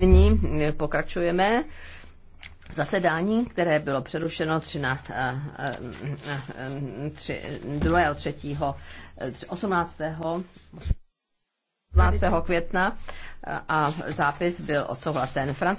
Nyní eh, pokračujeme v zasedání, které bylo přerušeno 3, 2. 3. 18. 18. května eh, a zápis byl odsouhlasen. Francouz